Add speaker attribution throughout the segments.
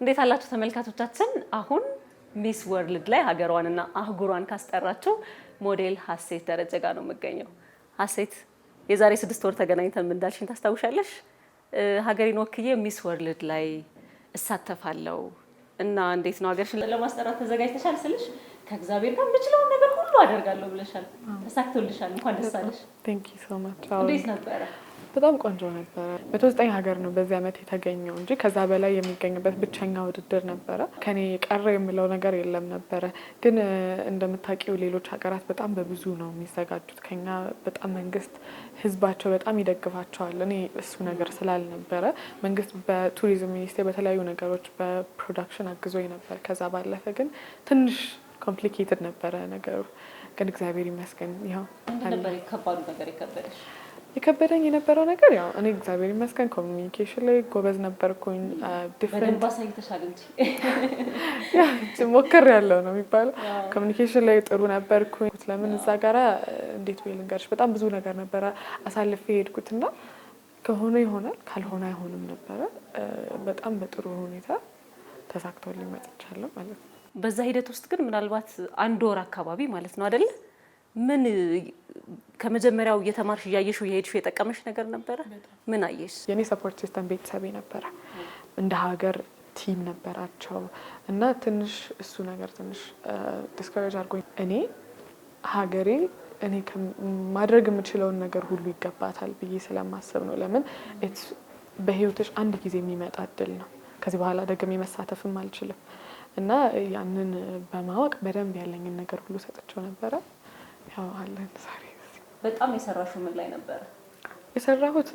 Speaker 1: እንዴት አላችሁ ተመልካቾቻችን? አሁን ሚስ ወርልድ ላይ ሀገሯንና አህጉሯን ካስጠራችው ሞዴል ሀሴት ደረጀ ጋር ነው የምገኘው። ሀሴት የዛሬ ስድስት ወር ተገናኝተን እንዳልሽኝ ታስታውሻለሽ? ሀገሬን ወክዬ ሚስ ወርልድ ላይ እሳተፋለው እና እንዴት ነው ሀገርሽን
Speaker 2: ለማስጠራት ተዘጋጅተሻል ስልሽ ከእግዚአብሔር ጋር የምችለውን ነገር ሁሉ አደርጋለሁ ብለሻል። ተሳክቶልሻል። እንኳን ደስ አለሽ። እንዴት ነበረ?
Speaker 3: በጣም ቆንጆ ነበረ። መቶ ዘጠኝ ሀገር ነው በዚህ ዓመት የተገኘው እንጂ ከዛ በላይ የሚገኝበት ብቸኛ ውድድር ነበረ። ከኔ ቀረ የምለው ነገር የለም ነበረ። ግን እንደምታውቂው ሌሎች ሀገራት በጣም በብዙ ነው የሚዘጋጁት። ከኛ በጣም መንግስት ህዝባቸው በጣም ይደግፋቸዋል። እኔ እሱ ነገር ስላልነበረ መንግስት በቱሪዝም ሚኒስቴር በተለያዩ ነገሮች በፕሮዳክሽን አግዞኝ ነበር። ከዛ ባለፈ ግን ትንሽ ኮምፕሊኬትድ ነበረ ነገሩ። ግን እግዚአብሔር ይመስገን ይኸው።
Speaker 2: ከባዱ ነገር የከበደሽ
Speaker 3: የከበደኝ የነበረው ነገር ያው እኔ እግዚአብሔር ይመስገን ኮሚኒኬሽን ላይ ጎበዝ ነበርኩኝ። ዲፍረንት uh, ያለው ነው የሚባለው። ኮሚኒኬሽን ላይ ጥሩ ነበርኩኝ። ለምን እዛ ጋራ uh, እንዴት ብዬ ልንገርሽ፣ በጣም ብዙ ነገር ነበረ አሳልፌ የሄድኩት እና ከሆነ ይሆናል ካልሆነ አይሆንም ነበረ። uh, በጣም በጥሩ ሁኔታ ተሳክቶልኝ መጥቻለሁ ማለት ነው።
Speaker 2: በዛ ሂደት ውስጥ ግን ምናልባት አንድ ወር አካባቢ ማለት ነው አደለ ምን ከመጀመሪያው እየተማርሽ እያየሽ እየሄድሽ የጠቀመሽ ነገር ነበረ? ምን አየሽ?
Speaker 3: የኔ ሰፖርት ሲስተም ቤተሰቤ ነበረ። እንደ ሀገር ቲም ነበራቸው እና ትንሽ እሱ ነገር ትንሽ ዲስኮሬጅ አድርጎኝ እኔ ሀገሬ እኔ ማድረግ የምችለውን ነገር ሁሉ ይገባታል ብዬ ስለማስብ ነው። ለምን በህይወትሽ አንድ ጊዜ የሚመጣ እድል ነው። ከዚህ በኋላ ደግሜ መሳተፍም አልችልም እና ያንን በማወቅ በደንብ ያለኝን ነገር ሁሉ ሰጥቸው ነበረ። ያው አለን ዛሬ
Speaker 2: በጣም የሰራሹ ምን ላይ ነበረ?
Speaker 3: የሰራሁት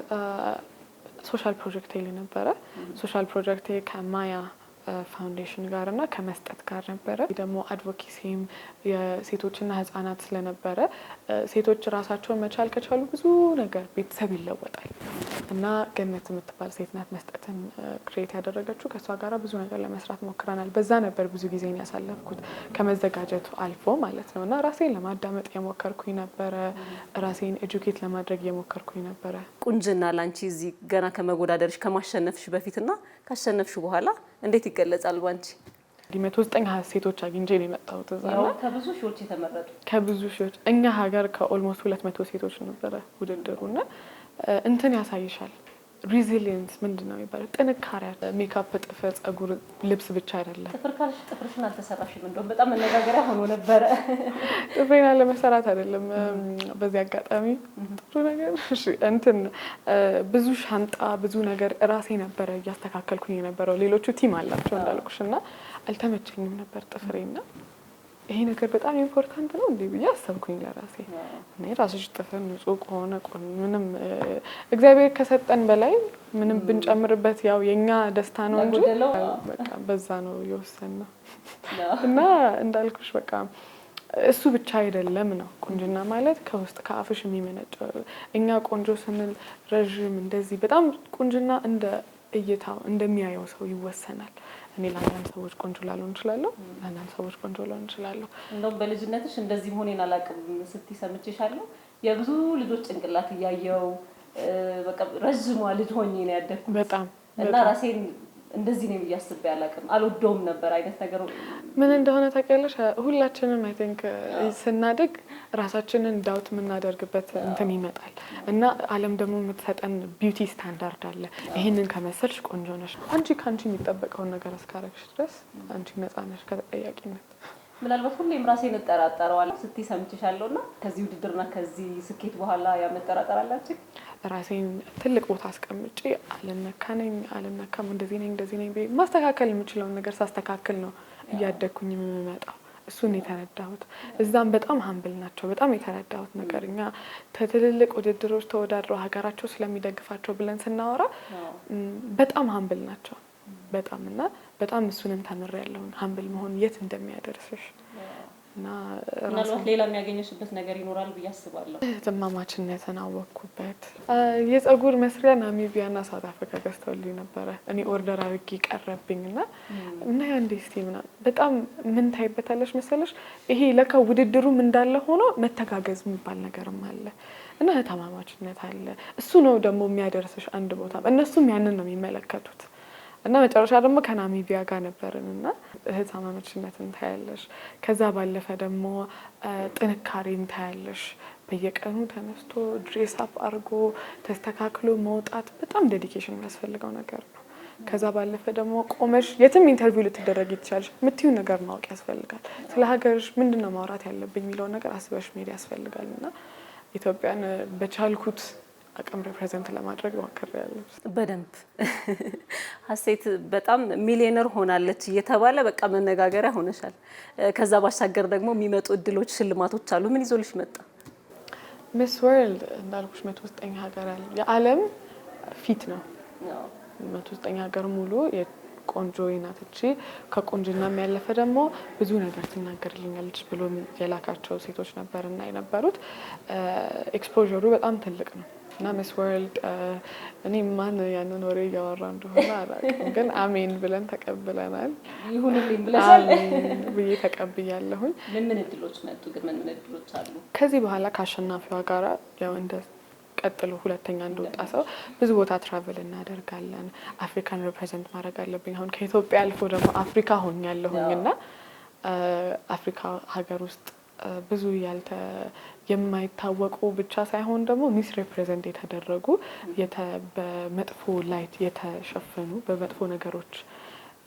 Speaker 3: ሶሻል ፕሮጀክት ላይ ነበረ። ሶሻል ፕሮጀክት ከማያ ፋውንዴሽን ጋር እና ከመስጠት ጋር ነበረ። ደግሞ አድቮኬሲም የሴቶችና ህጻናት ስለነበረ ሴቶች ራሳቸውን መቻል ከቻሉ ብዙ ነገር ቤተሰብ ይለወጣል እና ገነት የምትባል ሴት ናት መስጠትን ክሬት ያደረገችው። ከእሷ ጋር ብዙ ነገር ለመስራት ሞክረናል። በዛ ነበር ብዙ ጊዜን ያሳለፍኩት ከመዘጋጀቱ አልፎ ማለት ነው እና ራሴን ለማዳመጥ የሞከርኩኝ ነበረ። ራሴን ኤጁኬት ለማድረግ የሞከርኩኝ ነበረ።
Speaker 2: ቁንጅና ላንቺ እዚህ ገና ከመወዳደርሽ ከማሸነፍሽ በፊትና ካሸነፍሽ በኋላ እንዴት ይገለጻል ባንቺ?
Speaker 3: መቶ ዘጠኝ ሴቶች አግኝቼ ነው የመጣሁት እዛ
Speaker 2: ከብዙ ሺዎች የተመረጡ
Speaker 3: ከብዙ ሺዎች እኛ ሀገር ከኦልሞስት ሁለት መቶ ሴቶች ነበረ ውድድሩ እና እንትን ያሳይሻል ሪዚሊየንስ ምንድን ነው የሚባለው? ጥንካሬ፣ ሜካፕ፣ ጥፍር፣ ጸጉር፣ ልብስ ብቻ አይደለም።
Speaker 2: ጥፍር ካልሽ ጥፍርሽን አልተሰራሽም። እንደውም በጣም መነጋገሪያ ሆኖ ነበረ።
Speaker 3: ጥፍሬን አለመሰራት አይደለም። በዚህ አጋጣሚ ጥሩ ነገር እንትን ብዙ ሻንጣ፣ ብዙ ነገር እራሴ ነበረ እያስተካከልኩኝ የነበረው። ሌሎቹ ቲም አላቸው እንዳልኩሽ እና አልተመቸኝም ነበር ጥፍሬና ይሄ ነገር በጣም ኢምፖርታንት ነው እንዴ ብዬ አሰብኩኝ ለራሴ። እኔ ራስሽ ጥፍር ንጹህ ከሆነ ምንም እግዚአብሔር ከሰጠን በላይ ምንም ብንጨምርበት ያው የኛ ደስታ ነው እንጂ በቃ በዛ ነው ነው እና እንዳልኩሽ በቃ እሱ ብቻ አይደለም ነው ቁንጅና ማለት ከውስጥ ከአፍሽ የሚመነጭ እኛ ቆንጆ ስንል ረዥም እንደዚህ በጣም ቁንጅና እንደ እይታ እንደሚያየው ሰው ይወሰናል። እኔ ለአንዳንድ ሰዎች ቆንጆ ላልሆን እችላለሁ፣ ለአንዳንድ ሰዎች ቆንጆ ላልሆን እችላለሁ።
Speaker 2: እንደውም በልጅነትሽ እንደዚህ መሆኔን አላውቅም ስትይ ሰምቼሻለሁ። የብዙ ልጆች ጭንቅላት እያየው በቃ ረዥሟ ልጅ ሆኜ ነው ያደግኩት በጣም እና ራሴን እንደዚህ ነው እያስብ ያላቅም አልወደውም ነበር አይነት ነገር
Speaker 3: ምን እንደሆነ ታውቂያለሽ? ሁላችንም አይ ቲንክ ስናድግ ራሳችንን ዳውት የምናደርግበት እንትን ይመጣል እና ዓለም ደግሞ የምትሰጠን ቢዩቲ ስታንዳርድ አለ። ይህንን ከመሰልሽ ቆንጆ ነሽ፣ አንቺ ከአንቺ የሚጠበቀውን ነገር እስካረግሽ ድረስ አንቺ ነጻ ነሽ ከተጠያቂነት።
Speaker 2: ምናልባት ሁሌም ራሴን እጠራጠረዋለሁ ስትይ ሰምችሻለሁ እና ከዚህ ውድድርና ከዚህ ስኬት በኋላ ያመጠራጠራላችን
Speaker 3: ራሴን ትልቅ ቦታ አስቀምጬ አልነካ ነኝ አልነካም፣ እንደዚህ ነኝ እንደዚህ ነኝ ብዬ ማስተካከል የምችለውን ነገር ሳስተካክል ነው እያደግኩኝ የምመጣው። እሱን የተረዳሁት እዛም በጣም ሀምብል ናቸው። በጣም የተረዳሁት ነገር እኛ ትልልቅ ውድድሮች ተወዳድረው ሀገራቸው ስለሚደግፋቸው ብለን ስናወራ በጣም ሀምብል ናቸው። በጣም እና በጣም እሱንም ተምሬያለሁ ሀምብል መሆን የት እንደሚያደርስሽ እና
Speaker 2: ምናልባት ሌላ የሚያገኘሽበት ነገር ይኖራል ብዬ አስባለሁ።
Speaker 3: ትማማችነትን አወቅኩበት። የጸጉር መስሪያ ናሚቢያ ሳውት አፍሪካ ገዝተውልኝ ነበረ። እኔ ኦርደር አድርጌ ቀረብኝ እና እና አንዴ ስቲ ምና በጣም ምን ታይበታለሽ መሰለሽ ይሄ ለካ ውድድሩም እንዳለ ሆኖ መተጋገዝ የሚባል ነገርም አለ እና ተማማችነት አለ። እሱ ነው ደግሞ የሚያደርስሽ አንድ ቦታ። እነሱም ያንን ነው የሚመለከቱት እና መጨረሻ ደግሞ ከናሚቢያ ጋር ነበርን እና እህት ታያለሽ። ከዛ ባለፈ ደግሞ ጥንካሬን ታያለሽ። በየቀኑ ተነስቶ ድሬስ አፕ አድርጎ ተስተካክሎ መውጣት በጣም ዴዲኬሽን የሚያስፈልገው ነገር ነው። ከዛ ባለፈ ደግሞ ቆመሽ የትም ኢንተርቪው ልትደረግ ይቻልሽ የምትዩን ነገር ማወቅ ያስፈልጋል። ስለ ሀገርሽ ምንድነው ማውራት ያለብኝ የሚለውን ነገር አስበሽ መሄድ ያስፈልጋል እና ኢትዮጵያን በቻልኩት አቅም ሪፕሬዘንት ለማድረግ ሞክሬያለሁ።
Speaker 2: በደንብ ሀሴት በጣም ሚሊዮነር ሆናለች እየተባለ በቃ መነጋገሪያ ሆነሻል። ከዛ ባሻገር ደግሞ የሚመጡ እድሎች፣ ሽልማቶች አሉ። ምን ይዞልሽ መጣ?
Speaker 3: ሚስ ወርልድ እንዳልኩሽ መቶ ዘጠኝ ሀገር አለ የዓለም ፊት ነው። መቶ ዘጠኝ ሀገር ሙሉ ቆንጆ ናትቺ ከቆንጅና ያለፈ ደግሞ ብዙ ነገር ትናገርልኛለች ብሎ የላካቸው ሴቶች ነበርና የነበሩት ኤክስፖሩ በጣም ትልቅ ነው። እና ሚስ ወርልድ እኔ ማን ያንን ወሬ እያወራ እንደሆነ አላውቅም፣ ግን አሜን ብለን ተቀብለናል።
Speaker 2: ይሁንልኝ ብለሻል
Speaker 3: ብዬ ተቀብያለሁኝ።
Speaker 2: ምን ምን እድሎች መጡ? ግን ምን ምን እድሎች አሉ?
Speaker 3: ከዚህ በኋላ ከአሸናፊዋ ጋራ ያው እንደ ቀጥሎ ሁለተኛ እንደወጣ ሰው ብዙ ቦታ ትራቨል እናደርጋለን። አፍሪካን ሪፕሬዘንት ማድረግ አለብኝ። አሁን ከኢትዮጵያ አልፎ ደግሞ አፍሪካ ሆኛለሁኝ እና አፍሪካ ሀገር ውስጥ ብዙ ያልተ የማይታወቁ ብቻ ሳይሆን ደግሞ ሚስ ሬፕሬዘንት የተደረጉ በመጥፎ ላይት የተሸፈኑ በመጥፎ ነገሮች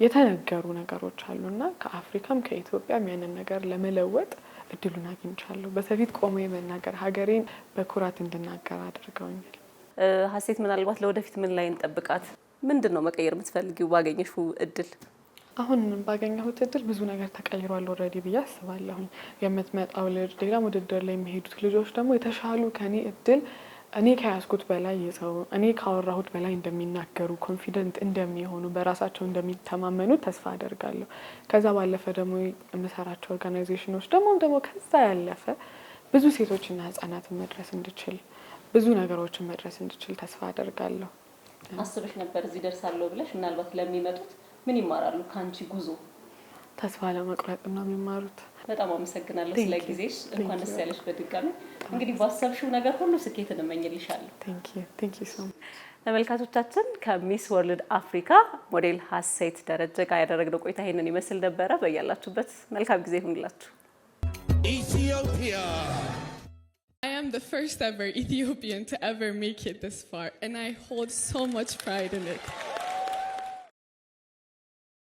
Speaker 3: የተነገሩ ነገሮች አሉና ከአፍሪካም ከኢትዮጵያም ያንን ነገር ለመለወጥ እድሉን አግኝቻለሁ። በሰፊት ቆሞ የመናገር ሀገሬን በኩራት እንድናገር አድርገውኛል።
Speaker 2: ሀሴት፣ ምናልባት ለወደፊት ምን ላይ እንጠብቃት? ምንድን ነው መቀየር የምትፈልጊው ባገኘሽው እድል?
Speaker 3: አሁን ባገኘሁት እድል ብዙ ነገር ተቀይሯል ኦልሬዲ ብዬ አስባለሁኝ። የምትመጣው ልጅ ሌላም ውድድር ላይ የሚሄዱት ልጆች ደግሞ የተሻሉ ከኔ እድል እኔ ከያዝኩት በላይ የሰው እኔ ካወራሁት በላይ እንደሚናገሩ ኮንፊደንት እንደሚሆኑ በራሳቸው እንደሚተማመኑ ተስፋ አደርጋለሁ። ከዛ ባለፈ ደግሞ የምሰራቸው ኦርጋናይዜሽኖች ደግሞ ደግሞ ከዛ ያለፈ ብዙ ሴቶችና ህጻናትን መድረስ እንድችል ብዙ ነገሮችን መድረስ እንድችል ተስፋ አደርጋለሁ።
Speaker 2: አስበሽ ነበር እዚህ ደርሳለሁ ብለሽ ምናልባት ለሚመጡት ምን ይማራሉ ከአንቺ ጉዞ?
Speaker 3: ተስፋ ለመቁረጥ ነው የሚማሩት።
Speaker 2: በጣም አመሰግናለሁ ስለ ጊዜሽ። እንኳን ደስ ያለሽ በድጋሚ። እንግዲህ ባሰብሽው ነገር ሁሉ ስኬትን እንመኝልሻለሁ።
Speaker 1: ተመልካቾቻችን ከሚስ ወርልድ አፍሪካ ሞዴል ሀሴት ደረጀ ጋር ያደረግነው ቆይታ ይህንን ይመስል ነበረ። በያላችሁበት መልካም ጊዜ ይሁንላችሁ። ኢትዮጵያ I am the first ever Ethiopian to ever make it this far and I hold so much pride in it.